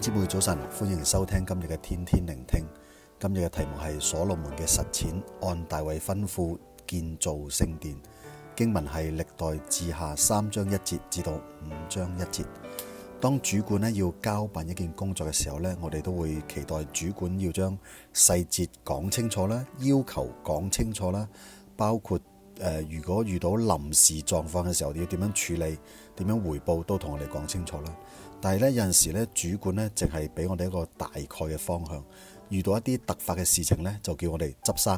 姊妹早晨，歡迎收聽今日嘅天天聆聽。今日嘅題目係所羅門嘅實踐，按大衛吩咐建造聖殿。經文係歷代志下三章一節至到五章一節。當主管呢要交辦一件工作嘅時候咧，我哋都會期待主管要將細節講清楚啦，要求講清楚啦，包括誒，如果遇到臨時狀況嘅時候，要點樣處理，點樣回報，都同我哋講清楚啦。但係咧，有陣時咧，主管咧淨係俾我哋一個大概嘅方向，遇到一啲突發嘅事情咧就叫我哋執生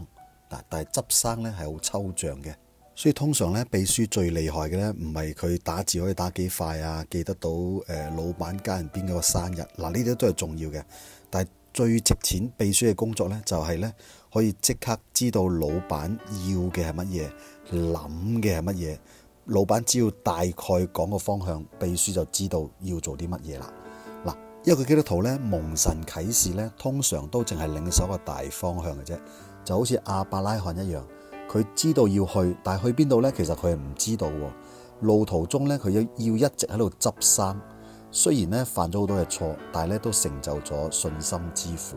嗱。但係執生咧係好抽象嘅，所以通常咧秘書最厲害嘅咧唔係佢打字可以打幾快啊，記得到誒、呃、老闆家人邊個生日嗱，呢啲都係重要嘅，但係最值錢秘書嘅工作咧就係、是、咧可以即刻知道老闆要嘅係乜嘢，諗嘅係乜嘢。老闆只要大概講個方向，秘書就知道要做啲乜嘢啦。嗱，一個基督徒咧蒙神啟示咧，通常都淨係領受個大方向嘅啫，就好似亞伯拉罕一樣，佢知道要去，但係去邊度咧，其實佢係唔知道。路途中咧，佢要要一直喺度執生，雖然咧犯咗好多嘅錯，但係咧都成就咗信心之父。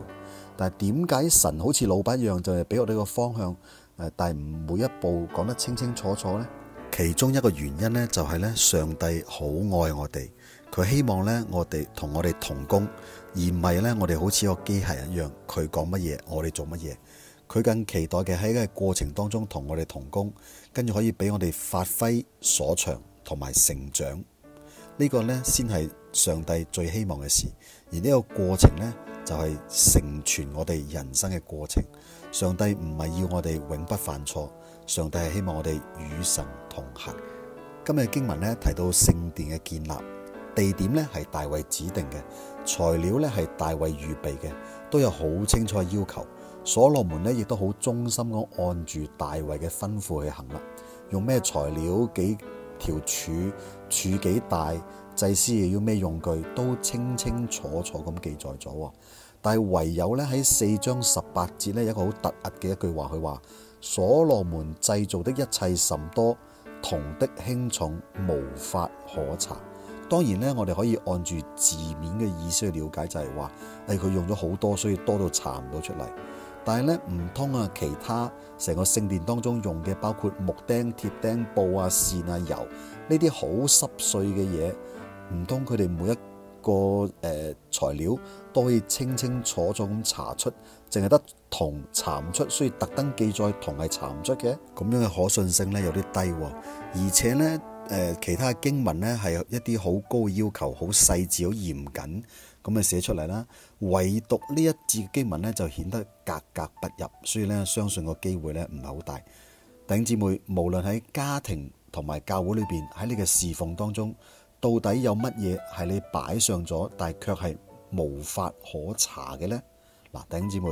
但係點解神好似老闆一樣，就係俾我哋個方向，誒，但係唔每一步講得清清楚楚咧？其中一個原因呢，就係呢：上帝好愛我哋，佢希望呢，我哋同我哋同工，而唔係呢，我哋好似個機械一樣，佢講乜嘢，我哋做乜嘢。佢更期待嘅喺一個過程當中同我哋同工，跟住可以俾我哋發揮所長同埋成長。呢個呢，先係上帝最希望嘅事。而呢個過程呢，就係成全我哋人生嘅過程，上帝唔係要我哋永不犯錯，上帝係希望我哋與神同行。今日經文咧提到聖殿嘅建立，地點咧係大衛指定嘅，材料咧係大衛預備嘅，都有好清楚嘅要求。所羅門咧亦都好忠心咁按住大衛嘅吩咐去行啦，用咩材料？幾條柱？柱幾大，祭師又要咩用具，都清清楚楚咁記載咗。但係唯有呢，喺四章十八節呢，有一個好突兀嘅一句話，佢話所羅門製造的一切甚多，銅的輕重無法可查。當然呢，我哋可以按住字面嘅意思去了解，就是，就係話，誒，佢用咗好多，所以多到查唔到出嚟。但係咧，唔通啊，其他成個聖殿當中用嘅，包括木釘、鐵釘、布啊、線啊、油呢啲好濕碎嘅嘢，唔通佢哋每一個誒、呃、材料都可以清清楚楚咁查出，淨係得銅查唔出，所以特登記載銅係查唔出嘅。咁樣嘅可信性咧有啲低，而且咧誒、呃、其他經文咧係一啲好高要求，好細緻，好嚴謹。咁咪寫出嚟啦，唯獨呢一節嘅經文咧就顯得格格不入，所以咧相信個機會咧唔係好大。弟兄姊妹，無論喺家庭同埋教會裏邊，喺你嘅侍奉當中，到底有乜嘢係你擺上咗，但係卻係無法可查嘅呢？嗱，弟兄姊妹，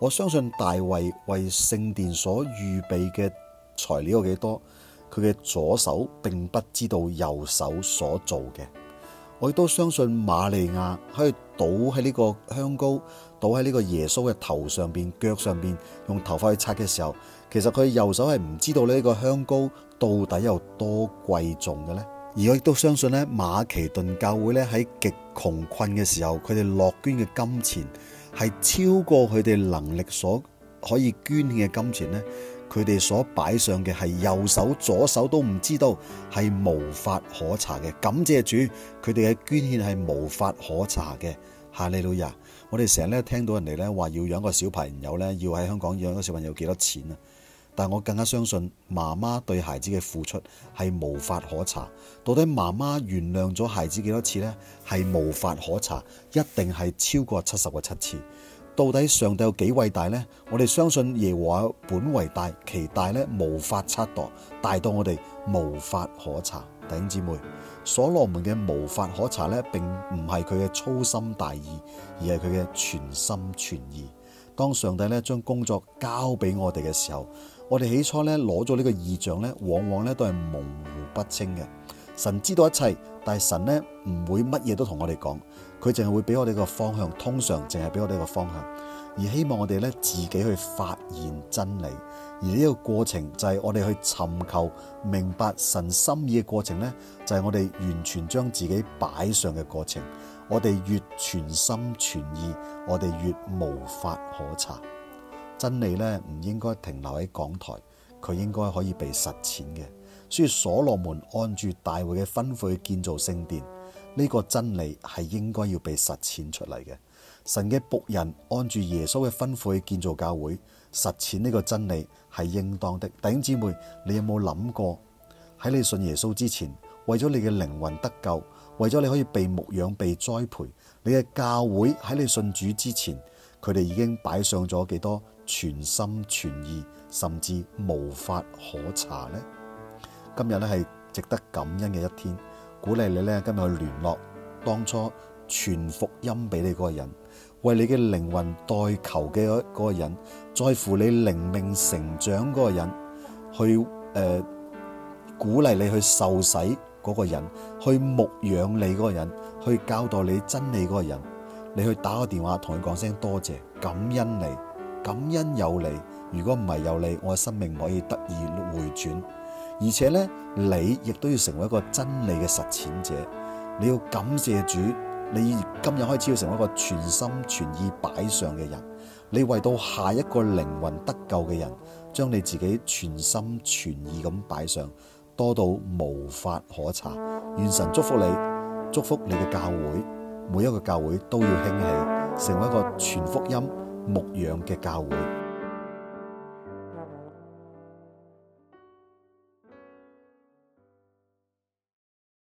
我相信大衛為聖殿所預備嘅材料有幾多，佢嘅左手並不知道右手所做嘅。我亦都相信瑪利亞可以倒喺呢個香膏，倒喺呢個耶穌嘅頭上邊、腳上邊，用頭髮去擦嘅時候，其實佢右手係唔知道呢個香膏到底有多貴重嘅呢。而我亦都相信咧，馬其頓教會咧喺極窮困嘅時候，佢哋樂捐嘅金錢係超過佢哋能力所可以捐獻嘅金錢呢。佢哋所擺上嘅係右手、左手都唔知道，係無法可查嘅。感謝主，佢哋嘅捐獻係無法可查嘅。哈利路亞，我哋成日咧聽到人哋咧話要養個小朋友咧，要喺香港養個小朋友幾多錢啊？但我更加相信媽媽對孩子嘅付出係無法可查。到底媽媽原諒咗孩子幾多次呢？係無法可查，一定係超過七十個七次。到底上帝有幾偉大呢？我哋相信耶和華本為大，其大呢無法測度，大到我哋無法可查。弟兄姊妹，所羅門嘅無法可查呢，並唔係佢嘅粗心大意，而係佢嘅全心全意。當上帝呢將工作交俾我哋嘅時候，我哋起初呢攞咗呢個異象呢，往往呢都係模糊不清嘅。神知道一切，但係神咧唔會乜嘢都同我哋講，佢淨係會俾我哋個方向，通常淨係俾我哋個方向，而希望我哋咧自己去發現真理。而呢個過程就係我哋去尋求明白神心意嘅過程咧，就係、是、我哋完全將自己擺上嘅過程。我哋越全心全意，我哋越無法可查，真理咧唔應該停留喺講台，佢應該可以被實踐嘅。所以所羅門按住大衛嘅吩咐去建造聖殿，呢個真理係應該要被實踐出嚟嘅。神嘅僕人按住耶穌嘅吩咐去建造教會，實踐呢個真理係應當的。弟兄姊妹，你有冇諗過喺你信耶穌之前，為咗你嘅靈魂得救，為咗你可以被牧養、被栽培，你嘅教會喺你信主之前，佢哋已經擺上咗幾多全心全意，甚至無法可查呢？今日咧係值得感恩嘅一天，鼓勵你咧今日去聯絡當初傳福音俾你嗰個人，為你嘅靈魂代求嘅嗰個人，在乎你靈命成長嗰個人，去誒、呃、鼓勵你去受洗嗰個人，去牧養你嗰個人，去教導你真理嗰個人，你去打個電話同佢講聲多謝，感恩你，感恩有你。如果唔係有你，我嘅生命可以得以回轉。而且咧，你亦都要成為一個真理嘅實踐者。你要感謝主，你今日開始要成為一個全心全意擺上嘅人。你為到下一個靈魂得救嘅人，將你自己全心全意咁擺上，多到無法可查。願神祝福你，祝福你嘅教會，每一個教會都要興起，成為一個全福音牧養嘅教會。